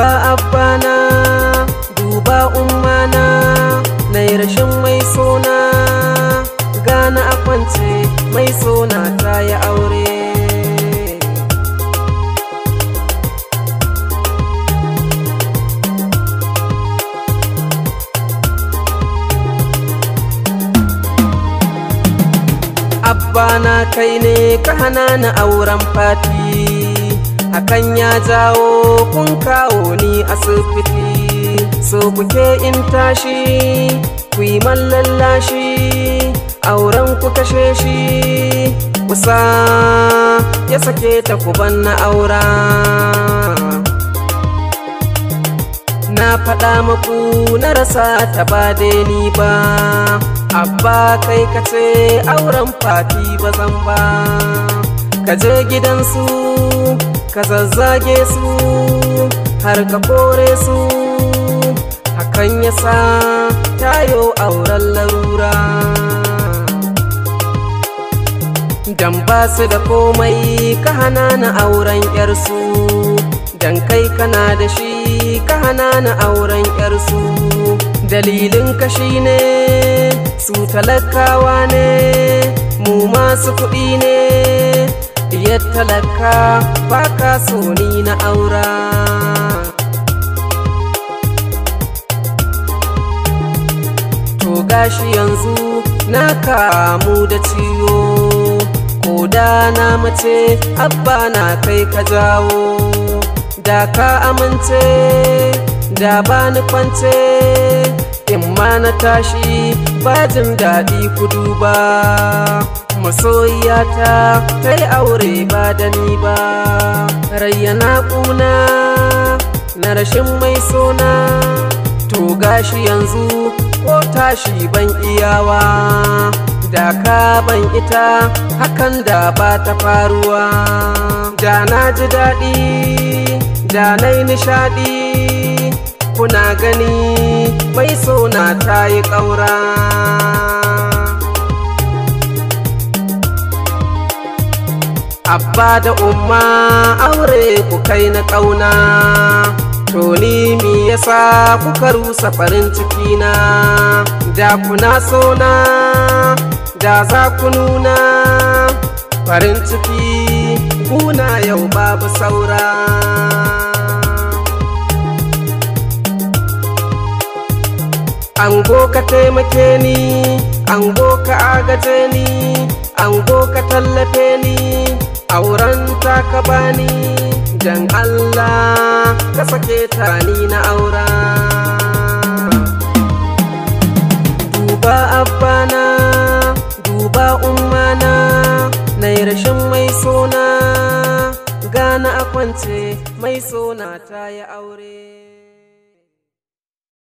duba abbana duba ummana na yi rashin mai sona gana a mai sona ta yi aure Abbana kai ne ka hana na auren fati akan ya jawo kun kawo ni asibiti so kuke in tashi ku yi shi auren ku kashe shi kusa ya sake ta ku na aura na faɗa maku na rasa ta ba ni ba abba kai ka ce auren fati ba zan ba ka je gidansu ka zazzage su har ka kore su hakan ya sa tayo auren larura dan ba su da komai ka hana na auren yarsu dan kai kana da shi ka hana na auren yarsu dalilin ka shi ne su talakawa ne mu masu kuɗi ne diyar talaka baka ka so ni na aura to gashi yanzu na kamu da ciwo ko da na mace abba na kai ka jawo da ka amince da ba ni kwance in ma na tashi bajin daɗi ku duba masoyiyata ta yi aure ba da ni ba rayyana ƙuna na rashin mai sona to gashi yanzu ko tashi ban iyawa da ka ban ita hakan da ba ta faruwa da na ji daɗi da na yi nishaɗi kuna gani mai sona ta yi ƙaura abba da umma aure ku kai na ƙauna to ni me yasa kuka rusa farin ciki na da kuna so na da za ku nuna farin ciki kuna yau babu saura ango ka taimake ni ango ka agaje ni ango ka tallafe ni auren ta ka bani jan Allah ka sake ta ni na aura duba abana, duba ummana na rashin mai sona gana a kwance mai sona ta yi aure